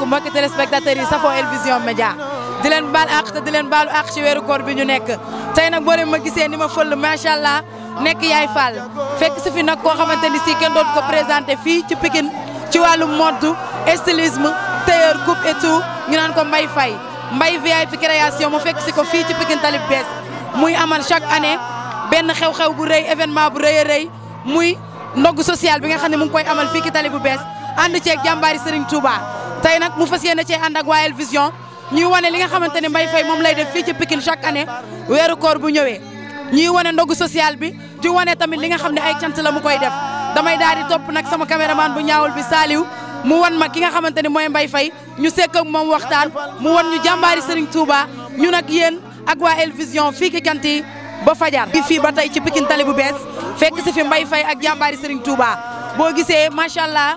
asalaamaaleykum mbokki téléspectateurs yi safoo El Vision Média di leen baal àq leen baalu àq ci weeru koor bi ñu nekk tey nag boo leen ma gisee ni ma fël macha allah nekk yaay Fall fekk si fi nag koo xamante ni si kenn dootu ko présenté fii ci Pikine ci wàllu mode stylisme tailleur coupe et ñu naan ko mbay Faye Mbaye VIP création mu fekk si ko fii ci Pikine Talib bees muy amal chaque année benn xew-xew bu rëy événement bu rëy a rëy muy ndogg social bi nga xam ne mu ngi koy amal fii ci Talib bu bees ceeg jàmbaari Serigne Touba. tey nag mu fas yéene cee ànd ak waa El Vision ñuy wane li nga xamante ne Mbaye fay moom lay def fii ci Pikine chaque année weeru koor bu ñëwee ñuy wane ndogu social bi di wane tamit li nga xam ne ay cant la mu koy def damay daal di topp nag sama caméraman bu ñaawul bi saaliw mu wan ma ki nga xamante ne mooy mbay fay ñu sekk ak moom waxtaan mu wan ñu jàmbaari Serigne Touba ñu nag yéen ak waa El fii ki cant yi ba fajar bi fii ba tey ci Pikine tali bu bees fekk si fi Mbaye Faye ak jàmbaari Serigne Touba boo gisee macha allah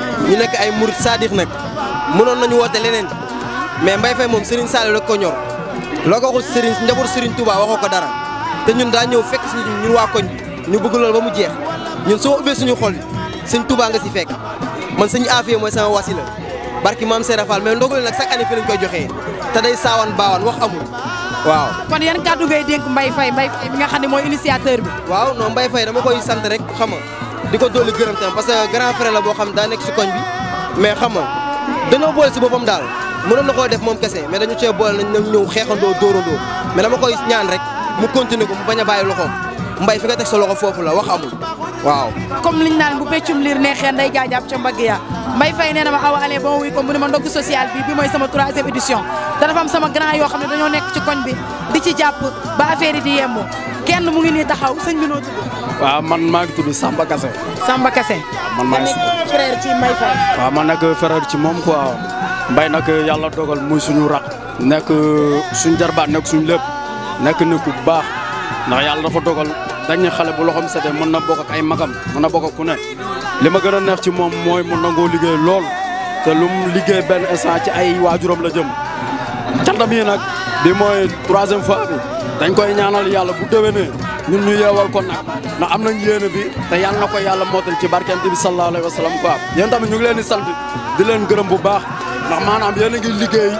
ñu nekk ay murit saadix nag mënoon nañu woote leneen mais Mbaye Faye moom Serigne Saliou rek ko ñor loo ko waxul Serigne njaboot Serigne Touba waxoo ko dara te ñun daa ñëw fekk si ñun waa koñ ñu bëgg loolu ba mu jeex ñun soo ubbee suñu xol sëñ Touba nga si fekk man sëñ Afia mooy sama wasila barki maam Serap Fall mais ndogu leen nag chaque année fi lañ koy joxee te day saawan baawaan wax amul waaw. kon yan kàddu ngay dénk Mbaye Faye Mbaye Faye bi nga xam ne mooy initiateur bi. waaw di ko dolli gërëm tam parce que grand frère la boo xam daa nekk si koñ bi mais xam nga dañoo boole si boppam daal mënoon na koo def moom kese mais dañu cee boole nañ ñëw xeexandoo dóorandoo mais dama koy ñaan rek mu continuer ko mu bañ a bàyyi loxoom mbay fi nga teg sa foofu la wax amul waaw. comme liñ naan bu peccum liir neexee nday jaajaab ca mbagg ya mbay fay nee ma awa ale ba ma wuy ko mu ne ma ndogg social bi bi mooy sama troisième édition te am sama yoo xam ne dañoo nekk ci koñ di ci jàpp ba affaire yi di yemb kenn mu ngi nii taxaw sëñ bi noo man maa ngi tudd Samba kase Samba kase man waaw man nag frère ci moom quoi Mbaye nag yàlla dogal muy suñu raq nekk suñu jarbaat nekk suñu lépp nekk nit ku baax ndax yàlla dafa dogal dañ xale bu loxoom setee mën na bokk ak ay magam mën na bokk ak ku ne li ma gën a neex ci moom mooy mu nangoo liggéey lool te lu mu liggéey benn instant ci ay waajuram la jëm cantam yi nag. bi mooy troisième fois bi dañ koy ñaanal yàlla bu déwénee ñun ñu yeewal ko nag ndax am nañ yéene bi te yàlla na ko yàlla mootal ci barkante bi sallallahu alayhi wa sallam quoi yéen tamit ñu ngi leen di sant di leen gërëm bu baax ndax maanaam yéen a liggéey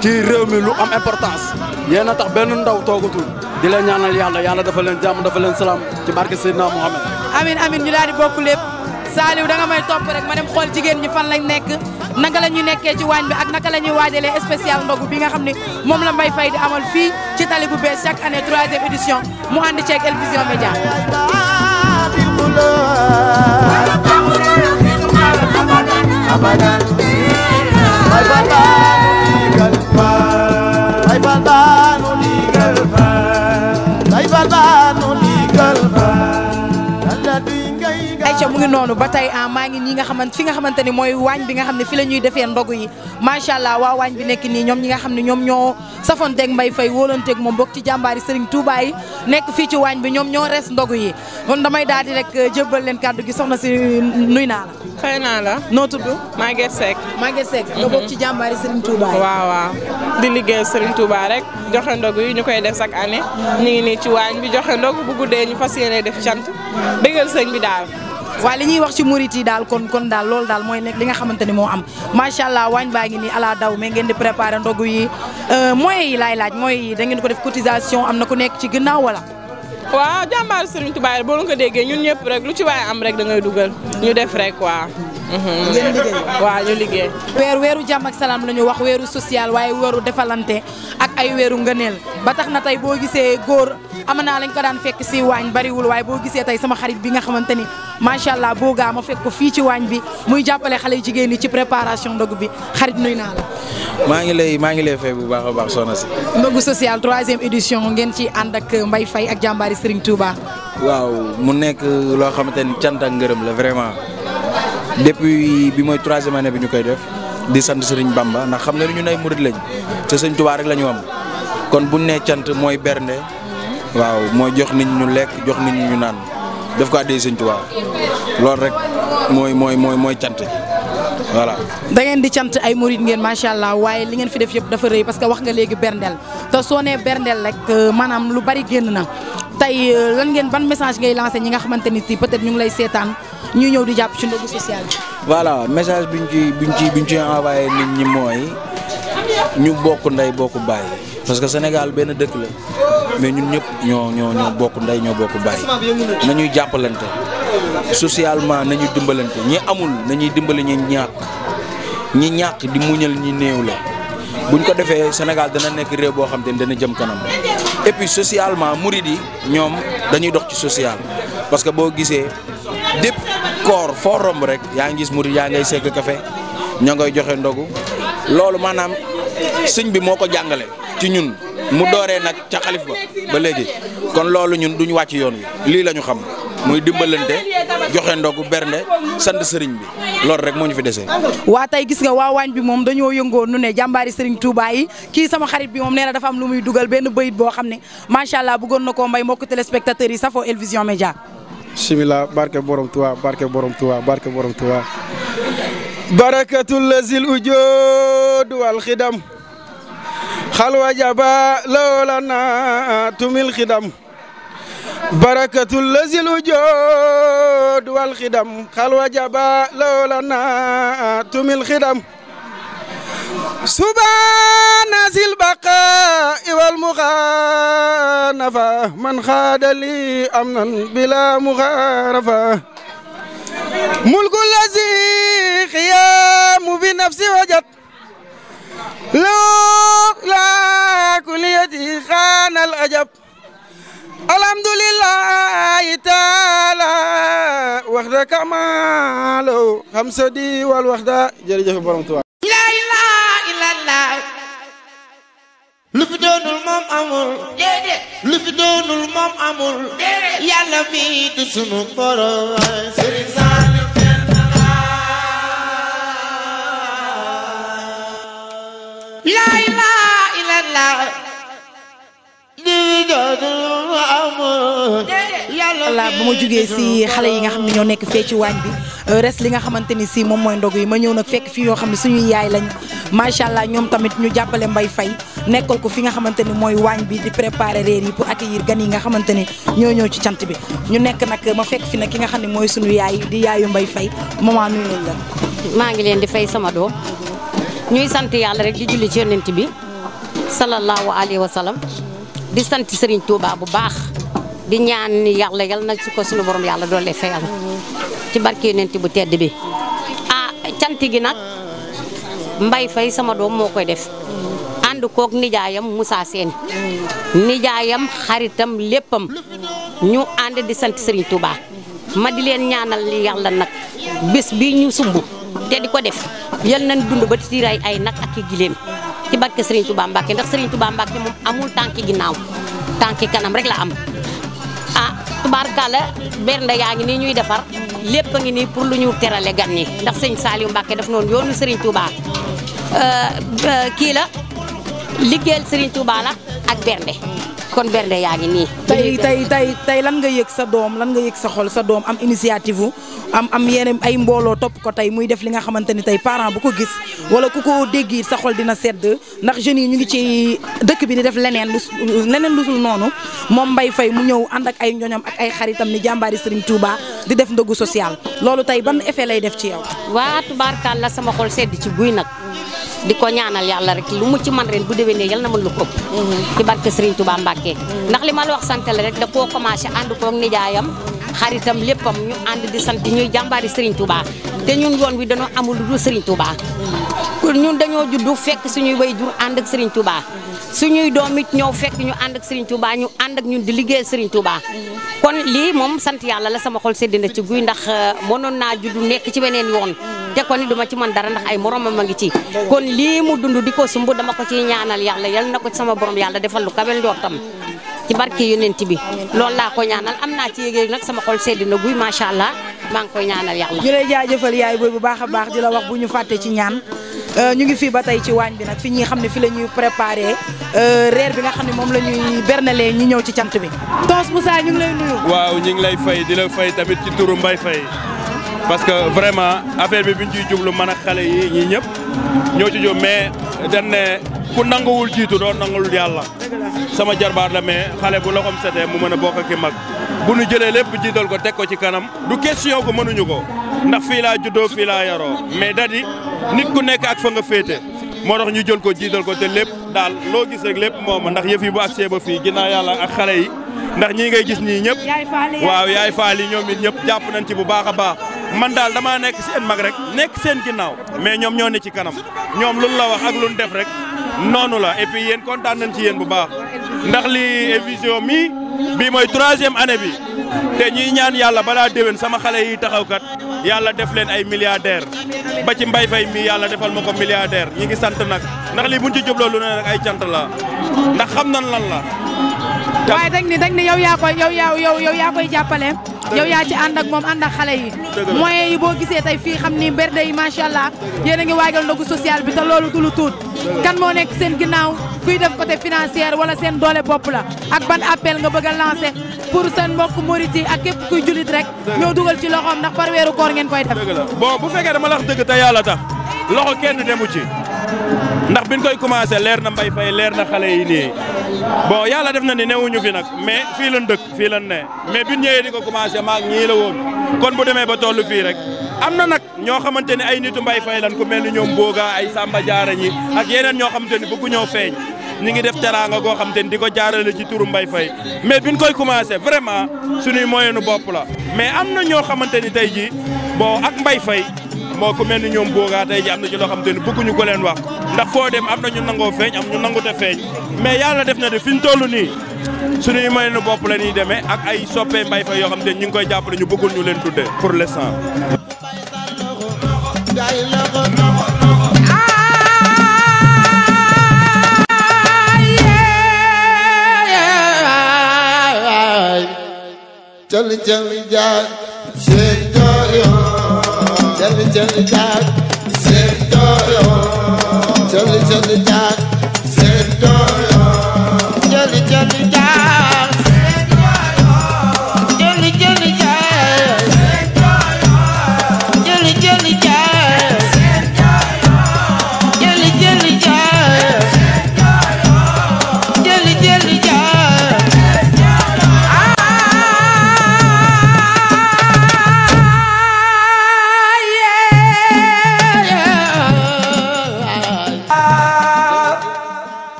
ci réew mi lu am importance yéen a tax benn ndaw toogatul di leen ñaanal yàlla yàlla dafa leen jàmm dafa leen salaam ci barke Seydina Mohamed. amin amin ñu daal di bokk lépp. Saliou danga may topp rek ma dem xool jigéen ñi fan lañ nekk naka la ñuy nekkee ci waañ bi ak naka la ñuy waajalee spécial ndogu bi nga xam ne moom la Mbaye Faye di amal fii ci tali bu bees chaque année troisième édition mu ànd ceeg El Vision Médias abadan abadan mu ngi noonu ba tey ah maa ngi ñi nga xamante fi nga xamante ni mooy waañ bi nga xam ne fi la ñuy defee ndogu yi macha allah waa waañ bi nekk nii ñoom ñi nga xam ne ñoom ñoo safonteeg mbay fay wóolanteeg moom bokk ci jàmbaari Serigne Touba yi nekk fii ci waañ bi ñoom ñoo rees ndogu yi kon damay daal di rek euh, jébbal leen kàddu gi soxna si nuy naa la. naa la noo tudd. Maguette Seck. Maguette Seck. nga mhm. bokk ci jàmbaari Serigne Touba yi. waaw waaw di liggéey Serigne Touba rek joxe ndogu yi ñu koy def chaque année ñu ngi nii ci waañ bi joxe ndogu bu guddee ñu fas yéene def cant bëggal sëñ bi daal waaye li ñuy wax ci murit yi daal kon kon daal loolu daal mooy nekk li nga xamante ni moo am macha allah waañ baa ngi nii ala daw mais ngeen di préparer ndogu yi euh, mooy yi laay laaj mooy dangeen da ko def cotisation am na ku nekk ci ginnaaw wala. waaw jàmbaaru Serigne Touba boo ko déggee ñun ñëpp rek lu ci waaye am rek da ngay dugal ñu def rek waaw. Mm-hmm. waaw ñu liggéey weer weeru jàmm ak salaam la ñu wax weeru social waaye weeru defalante ak ay weeru ngëneel ba tax na tey boo gisee góor ama naa lañ ko daan fekk si waañ bariwul waaye boo gisee tey sama xarit bi nga xamante ni macha allah boo gaa ma fekk ko fii ci waañ bi muy jàppale xale jigéen ñi ci préparation ndogu bi xarit nuy naa la maa ngi lay maa ngi lay fay bu baax a baax soxna si ndogu social troisième édition ngeen ci ànd ak Mbaye Faye ak jàmbaari Serigne Touba waaw mu nekk loo xamante ni cant la vraiment depuis bi mooy troisième année bi ñu koy def di sant Serigne Bamba ndax xam na ni ñun ay murid lañ te Serigne Touba rek la ñu am kon bu nee cant mooy bernde waaw mooy jox nit ñu lekk jox nit ñu naan daf ko àddee Serigne Touba loolu rek mooy mooy mooy mooy cant voilà da ngeen di cant ay murid ngeen macha allah waaye li ngeen fi def yëpp dafa rëy parce que wax nga léegi berndeel te soo nee berndeel rek euh, maanaam lu bari génn na tey euh, lan ngeen ban message ngay lancé ñi nga xamante ni peut être ñu ngi lay seetaan ñuy ñëw di jàpp ci ndogu social bi. voilà message bi ñu ci bi ñu ci bi ñu nit ñi mooy ñu bokk ndey bokk bàyyi parce que Sénégal benn dëkk la mais ñun ñëpp ñoo ñoo ñoo bokk ndey ñoo bokk bàyyi ñuy jàppalante. socialement nañu dimbalante ñi amul nañuy dimbali ñi ñàkk ñi ñàkk di muñal ñi néew la buñ ko defee Sénégal dana nekk réew boo xam te ni dana jëm kanam et puis socialement murid yi ñoom dañuy dox ci social parce que boo gisee dépp koor foo romb rek yaa ngis gis yaa ngay sekk café ñoo ngay joxe ndogu loolu maanaam sëñ bi moo ko jàngale ci ñun mu dooree nag ca xalif ba ba léegi kon loolu ñun duñu wàcc yoon wi lii la ñu xam muy dimbalante joxe ndogu bernde sante serigne bi lor rek moñu fi déssé wa tay gis nga wa wañ bi mom dañu yëngoo nu né jambaari serigne Touba yi ki sama xarit bi mom néna dafa am lu muy duggal ben beuyit bo xamné machallah macha allah bëggoon mbay mok téléspectateur yi safo elvision Média. bismillah barke borom Touba barke borom Touba barke borom Touba. barakatul lazil ujud wal khidam khalwa jaba lawlana tumil khidam barakatul lazil wujud wal khidam khal wajaba lawlana tumil khidam subhana zil baqa wal mughanafa man khadali amnan bila mugharafa mulkul lazi khiyamu bi nafsi wajad lo la كل يدي خان ajab Alhamdulillah taala waxda kamalo xam di wal waxda jërëjëf borom tuwa la ilaha illallah lu fi doonul moom amul déedéet lu fi doonul amul déedéet yàlla mi du sunu borom la ba ma si xale yi nga xam ne ñoo nekk fee ci waañ bi res li nga xamante si moom mooy ndog yi ma ñëw nag fekk fii yoo xam ne yaay lañ macha allah ñoom tamit ñu jàppale Mbaye Faye nekkal ko fi nga xamante ni mooy bi di préparer reer yi pour accueillir gan yi nga xamante ni ñoo ci cant bi ñu nekk nag ma fekk fi nag ki nga xam ne suñu yaay di yaayu Mbaye Faye mama nuyu nañ la. maa ngi leen di fay sama do, ñuy sant yàlla rek di julli ci yonent bi sallallahu alayhi di sant Serigne Touba bu baax di ñaan yalla yal na ci ko suñu borom yàlla doole fayal ci barke bu tedd bi ah cant gi nak mbay fay sama dom mo koy def ko ak nijaayam musa sen nijaayam xaritam leppam ñu and di sant Serigne Touba ma di len ñaanal yalla nak bis bi ñu sumbu te di def yal nañ dund ba ay nak ak i ci barke Serigne Touba Mbacke ndax Serigne Touba Mbacke moom amul tànki ginnaaw tànki kanam rek la am ah tubaarkàlla bernde yaa ngi nii ñuy defar lépp a ngi nii pour lu ñu terale gan ndax sëñ Saliou Mbacke daf noonu yoonu Serigne Touba euh, euh, kii la liggéeyal Serigne ak bernde kon bernde yaa ngi nii. tey tey tey tey lan nga yëg sa doom lan nga yëg sa xol sa doom am initiative am am yeneen ay mbooloo topp ko tey muy def li nga xamante ni tey parent bu ko gis wala ku ko dégg sa xol dina sedd ndax jeunes yi ñu ngi ci dëkk bi di def leneen lu leneen lu sul noonu moom Mbaye Faye mu ñëw ànd ak ay ñoñam ak ay xaritam ni jàmbaari Serigne Touba di def ndogu social loolu tey ban effet lay def ci yow. waa tubaarkàlla sama xol sedd ci guy nag. di ko ñaanal yàlla rek lu mu ci man ren bu ne yal na mën lu ko mm-hmm. ci barke Serigne Touba Mbacke ndax li ma la wax la rek da koo commencé ànd koog nijaayam xaritam léppam ñu ànd di sant ñuy jàmbaari Serigne Touba te ñun yoon wi dañoo amul lu dul Serigne Touba. ñun dañoo juddu fekk suñuy way jur ànd ak Serigne Touba suñuy doom it ñëw fekk ñu ànd ak Serigne Touba ñu ànd ak ñun di liggéey Serigne Touba. kon lii moom sant yàlla la sama xol sedd na ci guy ndax euh, mënoon naa juddu nekk ci beneen yoon. te kon ma ci mën dara ndax ay moromam a ngi ci kon lii mu dund di ko sumb dama ko ciy ñaanal yàlla yal na ko ci sama borom yàlla defal lu kawel njortam ci barke yonent bi loolu laa ko ñaanal am naa ci yéeg nag sama xol sedd na guy macha allah maa ngi koy ñaanal yàlla. di lay jaajëfal yaay booy bu baax a baax di la wax bu ñu fàtte ci ñaan euh, ñu ngi fi ba tey ci waañ bi nag fi ñuy xam ne fi la ñuy préparé euh, reer bi nga xam ne moom la ñuy bernalee ñu ñëw ci cant bi. Tos Moussa ñu ngi lay nuyu. waaw ñu lay fay di la fay tamit ci turu Mbaye Faye parce que vraiment affaire bi bi ñu ciy jublu man ak xale yi ñii ñëpp ñoo ci jub mais ku nanguwul jiitu doo nangul yàlla sama jarbaat la mais xale bu loxom setee mu mën a bokk ki mag bu nu jële lépp jiital ko teg ko ci kanam du question ko mënuñu ko ndax fii laa juddoo fii laa yaroo mais dadi nit ku nekk ak fa nga féete moo tax ñu jël ko jiital ko te lépp daal loo gis rek lépp mooma ndax yëf yi bu agsee ba fii ginnaaw yàlla ak xale yi ndax ñii nga gis nii ñëpp waaw yaay faal yi ñoom it ñëpp jàpp nañ ci bu baax a baax man daal damaa nekk seen mag rek nekk seen ginnaaw mais ñoom ñoo ne ci kanam ñoom luñ la wax ak luñ def rek noonu la et puis yéen kontaan nañ ci yéen bu baax ndax li Elvision mii bii mooy troisième année bi te ñuy ñaan yàlla balaa déwén sama xale yi taxawkat yàlla def leen ay milliardaire ba ci mbay fay mi yàlla defal ma ko milliardaire ñi ngi sant nag ndax lii mu ci jubloo lu ne rek ay cant la ndax xam nan lan la waaye dañ ni dañ ni yow yaa koy yow yaa yow yaa koy jàppale yow ya ci and ak mom and ak xalé yi moyens yi bo gisé tay fi xamni ni berde yi machallah yeena ngi waajal ndogu social bi ta lolu dulu tout kan mo nek sen ginnaw kuy def côté financière wala sen doole bop la ak ban appel nga bëgg lancer pour sen mbokk mouride ak kep kuy julit rek ñoo duggal ci loxom ndax par wéru koor ngeen koy def bon bu féké dama la wax dëgg te yalla tax loxo kenn demu ci ndax biñ koy commencer leer na mbay fay leer na xalé yi ni bon yàlla def na ni newuñu fi nag mais fii lan dëkk fii lan ne mais bi ñëwee di ko commencé maag ñii la woon kon bu demee ba toll fii rek am na nag ñoo xamante ni ay nitu mbay fay lan ku mel ni ñoom booga ay samba jaara ñi ak yeneen ñoo xamante ni bëggu ñoo feeñ ñi ngi def teraanga goo xamante ni di ko jaarale ci turu mbay fay mais biñ koy commencé vraiment suñuy moyenu bopp la mais am na ñoo xamante ni tey ji bon ak mbay fay moo ku mel ni ñoom boogaa tey ji am na ci loo xam te ne ko leen wax ndax foo dem am na ñu nangoo feeñ am ñu nangute feeñ mais yàlla def na de fi ñu toll nii suñuy may nu bopp la ñuy demee ak ay soppee mbay fa yoo xam te ñu ngi koy jàppale ñu bëggul ñu leen tudde pour l'instant चल चल जा से tell me, tell me that. Tell me, tell me that. Tell me, tell me that.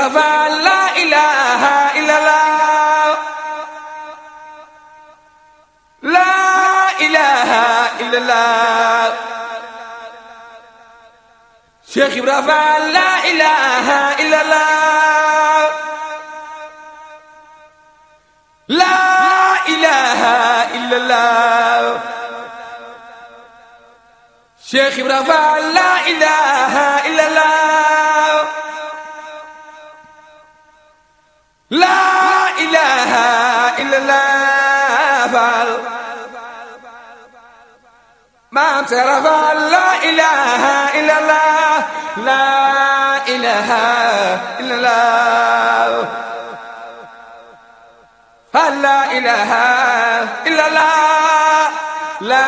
المصطفى لا إله إلا الله لا إله إلا الله شيخ إبراهيم لا إله إلا الله لا إله إلا الله شيخ إبراهيم لا إله إلا الله لا إله إلا الله ما ترى لا إله إلا الله لا إله إلا الله لا إله إلا الله لا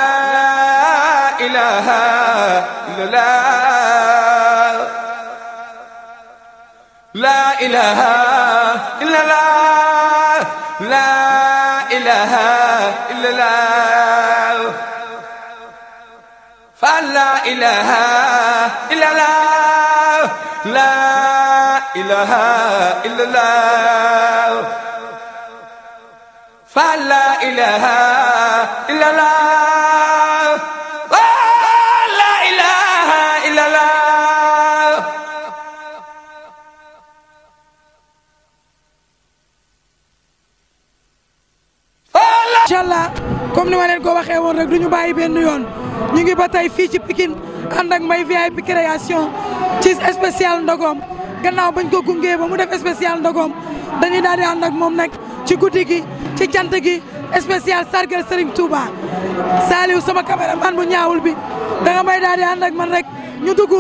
إله إلا الله لا إله لا لا لا إله إلا لا فلا إله إلا لا لا إله إلا لا فلا إله إلا لا allah comme ni ma leen ko waxee woon rek du ñu bàyyi benn yoon ñu ngi ba tey fii ci Pikine ànd ak may bi création ci spécial ndogoom gannaaw bañ ko gungee ba mu def spécial ndogoom dañuy daal di ànd ak moom nag ci guddi gi ci cant gi spécial sargal Serigne Touba Saliou sama caméraman bu ñaawul bi da nga may daal di ànd ak man rek ñu dugg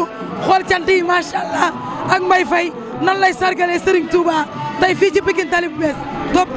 xool cant yi macha allah ak Mbaye Faye nan lay sargalee Serigne Touba tey fii ci Pikine tali bu bees topp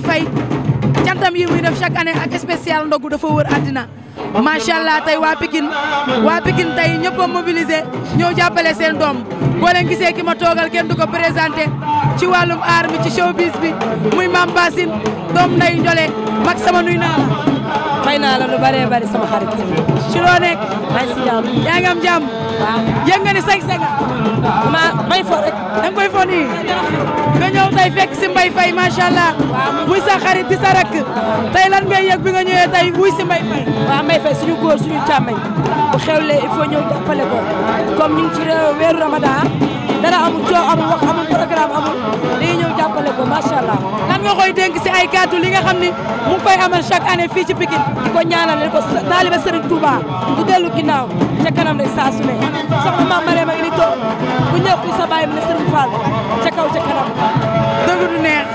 koy fay cantam yi muy def chaque année ak spécial ndogu dafa wër àddina macha allah tey waa Pikine waa Pikine tey ñëpp a mobilisé ñëw jàppale seen doom boo leen gisee ki ma toogal kenn du ko présenté ci wàllum aar mi ci showbiz bi muy Mame Bassine doom nday njole mag sama nuy naa la. fay naa la lu bëree bëri sama xarit. ci loo nekk. yaa ngi am jàmm. waaw yëngu nga da nga koy fo nii nga ñëw tey fekk si Mbaye Faye macha allah muy sa lan ngay yëg bi nga ñëwee tey wuy si Mbaye Faye. waaw Mbaye Faye suñu góor suñu càmmeñ bu xewlee il faut ñëw jàppale ko comme ñu ngi ci weeru Ramadan dara koy dénk si ay kàddu li nga xam ni mu ngi koy amal chaque fii ci Pikine di ko ñaanal di ko taaliba Serigne Touba du ca kanam rek saa su ne soxna Mame Marème a ngi ni toog bu ñëw sa bàyyi mu ne Fall ca kaw ca kanam dëgg du neex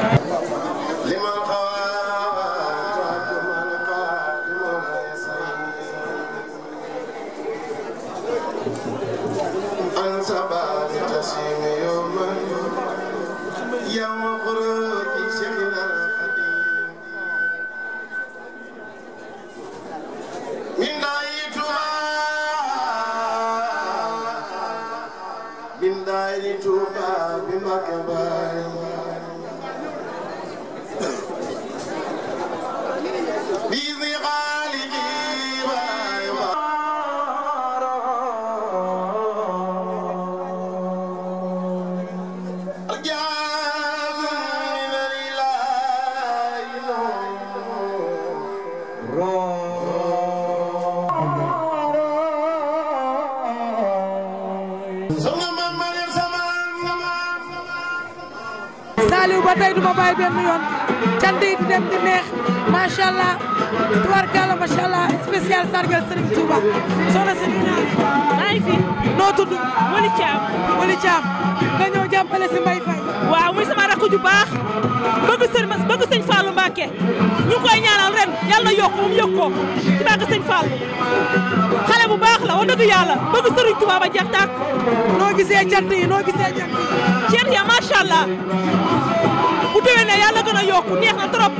ba tey du ma bàyyi benn yoon cant di dem di neex macha allah tubarkalla macha allah spécial sargal Serigne Touba soxna si nuyu naa maa fi noo tudd Wali Thiam Wali Thiam nga ñëw jàppale si Mbaye Faye waaw muy sama rakk baax bëgg sëñ bëgg sëñ Fallou Mbacké ñu koy ren yàlla yokk moom yokk ci bàgg sëñ Fallou xale bu baax la wax dëgg yàlla bëgg Serigne Touba ba noo gisee cant noo gisee cant yi cant yàlla gën a yokku neex na trop.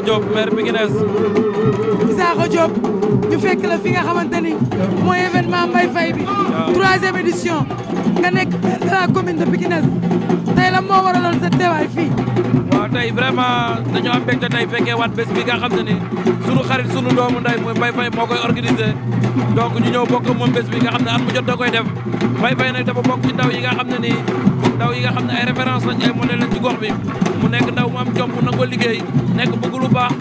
Isaaxa Diop maire Pikines Isaaxa job. ñu fekk la fi nga xamante ni mooy événement Mbaye Faye bi troisième édition nga nekk maire de la commune de Pikines tey la moo waraloon sa teewaay fii waaw tey vraiment dañoo am mbégte tey fekkee waat bés bi nga xam ne ni sunu xarit sunu doomu nday mooy Mbaye Faye moo koy organisé donc ñu ñëw bokk moom bés bi nga xam ne at mu jot da koy def Mbaye Faye nag dafa bokk ci ndaw yi nga xam ne ndaw yi nga xam ne ay référence lañ ay modèle ci gox bi mu nekk ndaw mu am jom mu nangoo liggéey nekk bëgg lu baax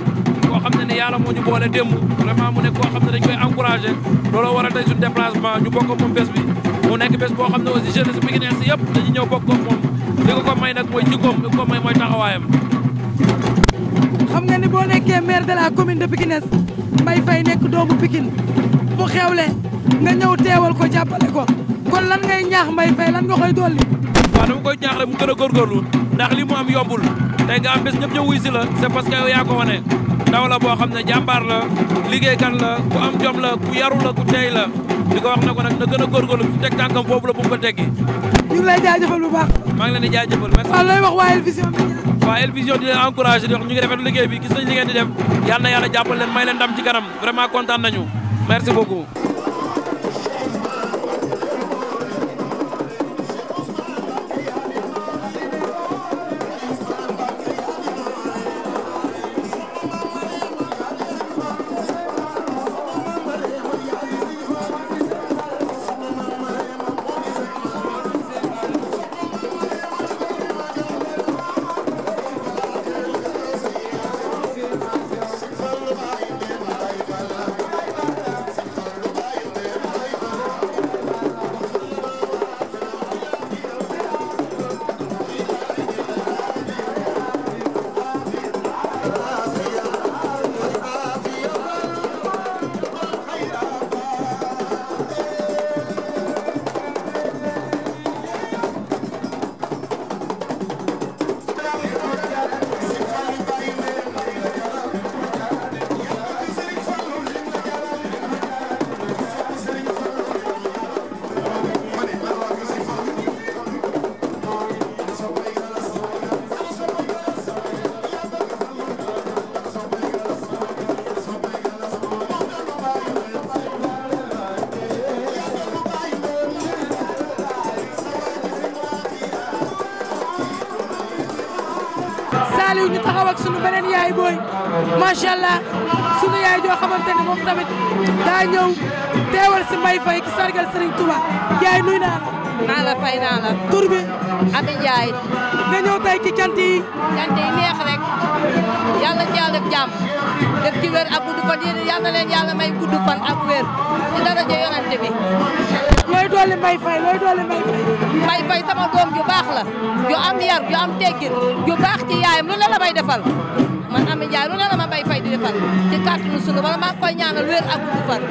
xam ne ne yàlla moo boole démb vraiment mu nekk koo xam ne dañ koy encouragé looloo waral tey suñu déplacement ñu bokk ak moom bés bi mu nekk bés boo xam ne aussi jeunesse bi ngi nekk si yëpp dañu ñëw bokk moom li ko ko may nag mooy jikkoom li ko xam nga ni boo nekkee maire de la commune de Pikine Mbaye Faye nekk doomu Pikine bu xewle nga ñëw teewal ko jàppale ko kon lan ngay ñaax Mbaye Faye lan nga koy dolli waaw dama koy ñaax rek mu a ndax li mu am yombul tey nga am bés ñëpp ñëw la c'est parce que yow yaa ko wane ndaw boo xam ne jàmbaar la liggéeykat la ku am jom la ku yaru la ku tey la di ko wax na ko nag na gën a góorgóorlu fi teg tànkam foofu la bu mu ko teggi ñu ngi lay jaajëfal bu baax maa ngi leen di jaajëfal merci waaw wax waa El Vision waa El Vision di leen encouragé di wax ñu ngi liggéey bi gis nañ li di def yal na yàlla jàppal leen may leen ndam ci kanam vraiment kontaan nañu merci beaucoup macha allah sunu yaay joo xamante ne moom tamit daa ñëw teewal si Mbaye Faye ki sargal Serigne Touba yaay nuy naa la. maa la fay naa la. tur bi. Ami Ndiaye. nga ñëw ci cant yi. cant yi neex rek yàlla ci yàlla def def ci wér ak gudd fan yéen yàlla leen yàlla may gudd fan ak wér ci daraja yonante bi. looy dolli Mbaye Faye looy dolli sama doom ju baax la ju am yar ju am teggin ju baax ci yaayam lu la la may defal. man Amy Ndiaye lu ne la ma bay di defal ci kàttanu sunu wala maa ngi koy ñaanal wér ak far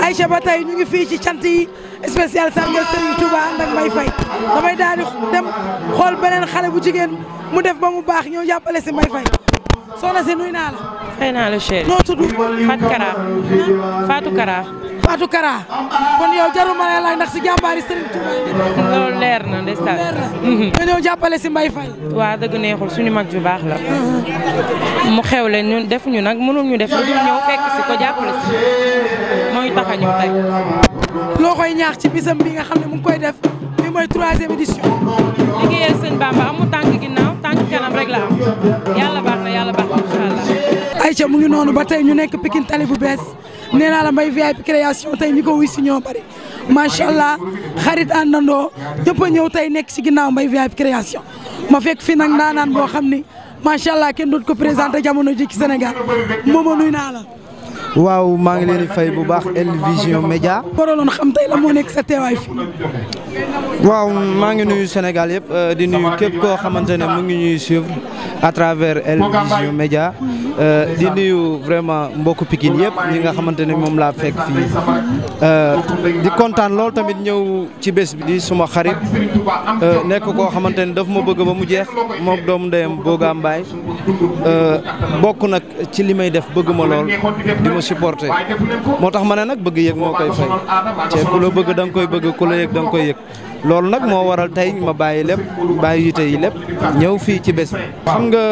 Aïcha ba tay ñu ngi fii ci cant yi spécial sargal Serigne Touba ànd ak Mbaye Faye damay daal dem xool beneen xale bu jigéen mu def ba mu baax ñëw jàppale si Mbaye Faye soxna naa la. fay naa la chérie noo tudd. Fatou Kara Kara. si jàmbaari Serigne Touba. loolu mhm. jàppale si Mbaye Faye. waa dëgg neexul suñu mag ju baax la. Mhm. mu xewle ñun defuñu nag mënul ñu def lu ñëw fekk si ko jàppale si. ñooñu loo koy ñaax ci bisam bi nga xam ne mu ngi koy def bi mooy troisième édition. liggéeyal sëñ Bamba amul tànk ginnaaw tànk kanam rek am yàlla baax na yàlla baax na incha allah. Aïcha mu ngi noonu ba tey ñu nekk Pikine Tali bees nee naa la mbay VIP création tey ñi ko wuy si ñoo bari macha allah xarit àndandoo ñëpp a ñëw tey nekk ci ginnaaw mbay VIP création ma fekk fii nag ndaanaan boo xam ni macha allah kenn dootu ko présenté jamono ji ci Sénégal moom waaw maa ngi leen di fay bu baax El Vision Média. waraloon xam tey la moo nekk sa teewaay fi waaw maa ngi nuyu Sénégal yëpp euh, di nuyu képp koo xamante ne mu ngi ñuy suivre à travers El Vision Média euh, di nuyu vraiment mbokku Pikine yëpp ñi nga xamante ne moom laa fekk fii euh, di kontaan lool tamit ñëw ci bés bi di suma xarit nekk koo xamante ne daf ma bëgg ba mu jeex moom doomu ndeyam Boga Mbaye bokk nag ci li may def bëgg ma lool supporter moo tax ma ne nag bëgg yëg moo koy fay te ku la bëgg da koy bëgg ku la yëg da nga koy yëg loolu nag moo waral tey ma bàyyi lépp bàyyi tey lépp ñëw fii ci bés bi xam nga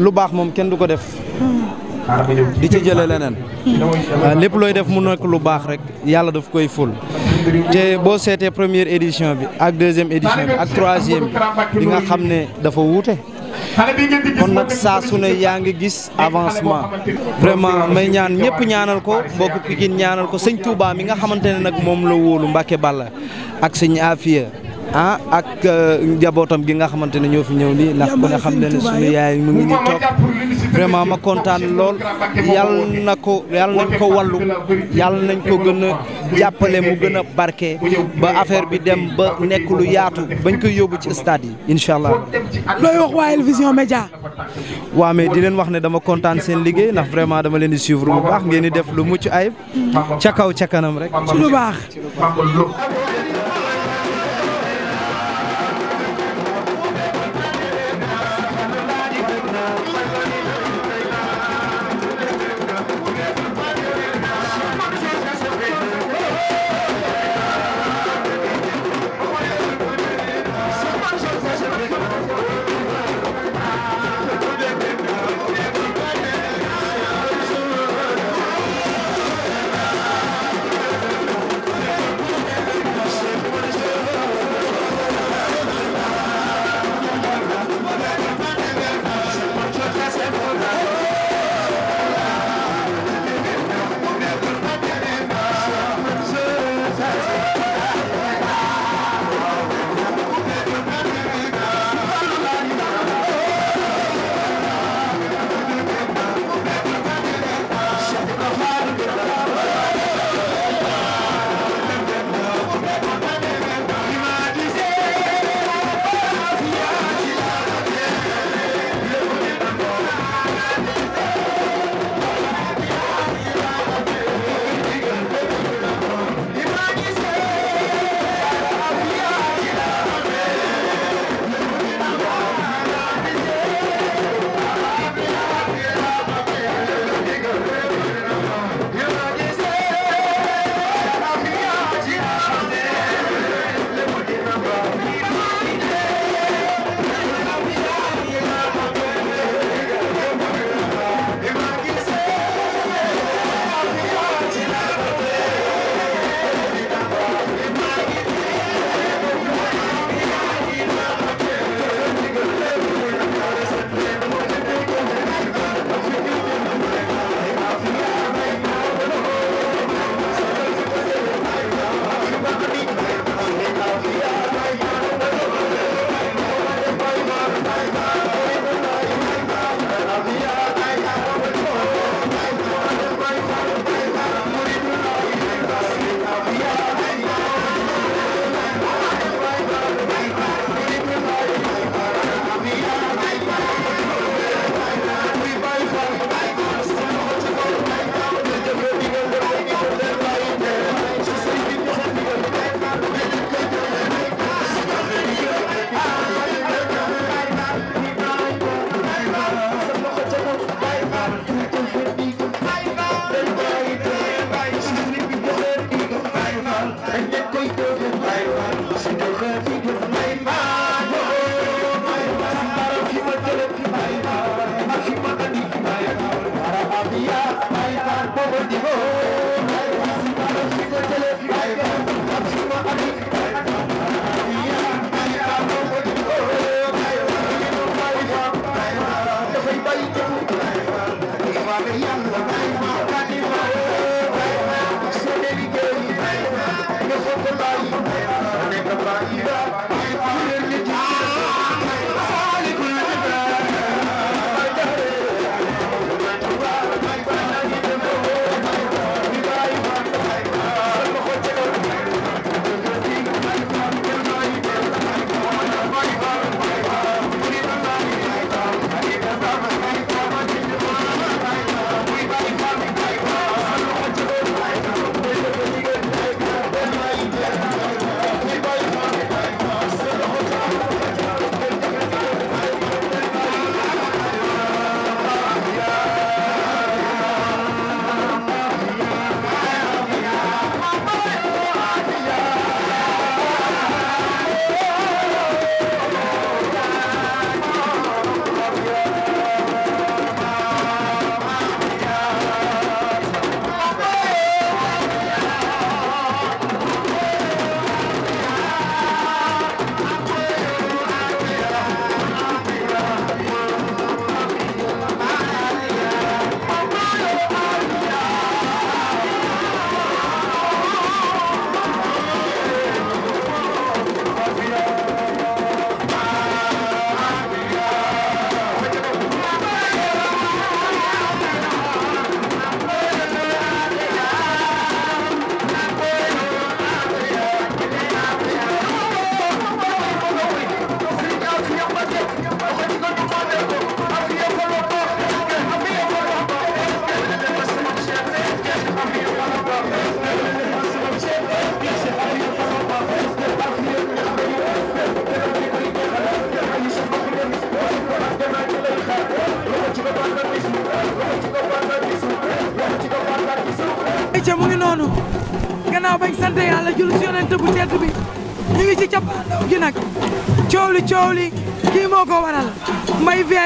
lu baax moom kenn du ko def di ci jële leneen lépp looy def mu nekk lu baax rek yàlla daf koy ful te boo seetee première édition bi ak deuxième édition bi ak troisième bi nga xam ne dafa wuute kon nag saa su ne yaa ngi gis avancement vraiment may ñaan ñëpp ñaanal ko mbokk Pikine ñaanal ko sëñ Touba mi nga xamante ne nag moom la wóolu Mbacke Balla ak sëñ Afia ah ak euh, njabootam gi nga xamante ne ñoo fi ñëw nii ndax ku ne xam ne suñu yaay mu ngi nii toog vraiment ma kontaan lool yal na ko yal nañ ko wallu yal nañ ko gën a jàppale mu gën barke ba affaire bi dem ba nekk lu yaatu bañ koy yóbbu ci stade yi incha allah. looy wax waa El di leen wax ne dama kontaan seen liggéey ndax vraiment dama leen di suivre bu baax ngeen di def lu mucc ayib. ca kaw ca kanam rek. baax.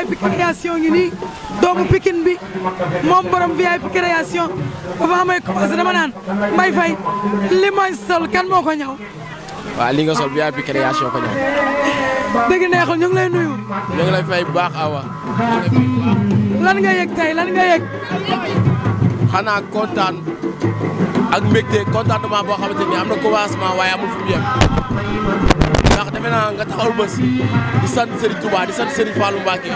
VIP création ngi nii doomu Pikine bi moom borom VIP création avant may commencé dama naan Mbaye Faye li ma sol kan moo ko ñaw. li nga sol VIP création ko ñaw. dëgg neexul ñu ngi ñu ngi lay fay bu baax awa. lan nga yëg tey lan nga yëg. xanaa kontaan ak mbégte contentement boo xamante ni am na commencement waaye amul fu mu ndax defe naa nga taxawal bés di sant Serigne Touba di sant Serigne Fallou Mbacke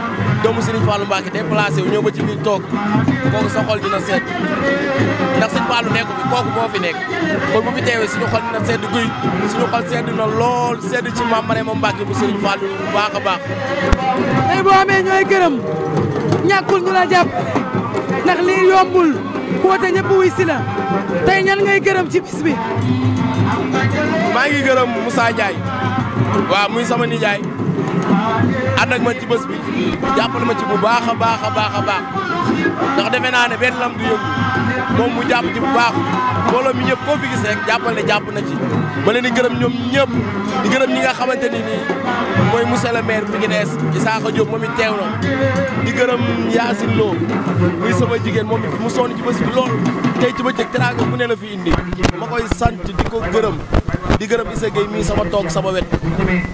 doomu Serigne Fallou Mbacke day placé wu ñëw ba ci biir toog kooku sa xol dina seet ndax Serigne Fallou nekku fi kooku moo fi nekk kon bu fi teewee suñu xol dina sedd guy suñu xol sedd na lool sedd ci Mame Marème Mbacke bu Serigne Fallou bu baax a baax. tey boo amee ñooy gërëm ñàkkul ñu la jàpp ndax lii yombul woote ñëpp wuy si la tey ñan ngay gërëm ci bis bi. maa ngi gërëm Moussa Ndiaye. waaw muy sama nijaay ànd ak ma ci bés bi na ma ci bu baax a baax a baax a baax ndax defe naa ne benn lam du yëngu moom mu jàpp ci bu baax mbooloo mi ñëpp koo fi gis jàppal ne jàpp na ci ma leen di gërëm ñoom ñëpp di gërëm ñi nga xamante ni nii mooy monsieur le maire bi ngi nees Isaaxa Diop moom it teew na di gërëm Yacine Lo muy sama jigéen moom it mu sonn ci bés bi lool tey ci bëccëg teraanga mu ne la fi indi ma koy sant di ko gërëm di gërëm Issa Gueye mii sama toog sama wet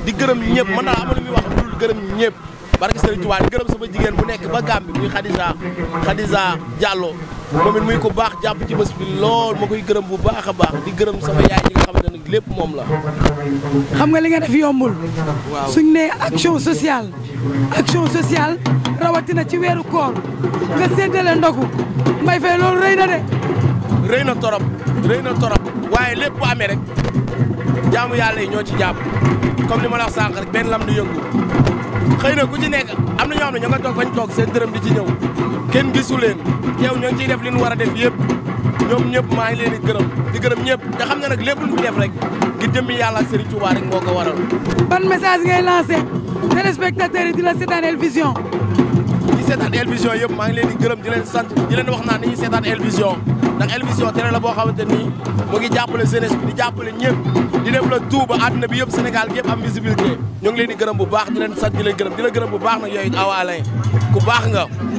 di gërëm ñëpp mën naa amul muy wax dul gërëm ñëpp barke Serigne Touba di gërëm sama jigéen bu nekk ba Gambie muy Khadija Khadija Diallo moom it muy ko baax jàpp ci bés bi lool ma koy gërëm bu baax a baax di gërëm sama yaay yi nga xamante lépp moom la. xam nga li nga fi yombul. waaw suñ nee action sociale. action sociale rawatina ci weeru koor nga séddale ndogu mbay fay loolu rëy na de. rëy na torop rëy na torop waaye lépp bu amee rek. jaamu yàlla yi ñoo ci japp comme ni la wax sank rek ben lam du yëngu xeyna ku ci nekk am na ñoo xam ne nga tok fañ tok seen dërëm di ci ñew kenn gisu leen yow ñoo ci def li ñu war a def yëpp ñom ñëpp ma ngi leen di gërëm di gërëm ñëpp te xam nga nak lepp lu def rek ngir jëmmi yalla Serigne Touba rek moko waral. ban message ngay lancer téléspectateur di la sétane Vision. di sétane Vision yëpp ngi leen di gërëm di leen sant di leen wax naan ni sétane Vision ndax El Vision télé la boo xamante nii mu ngi jàppale jeunesse bi di jàppale ñëpp di def la tout ba àdduna bi yëpp Sénégal yëpp am visibilité ñu ngi leen di bu baax di leen sat di leen gërëm di la gërëm bu baax nag yooyu Awa Alain ku baax nga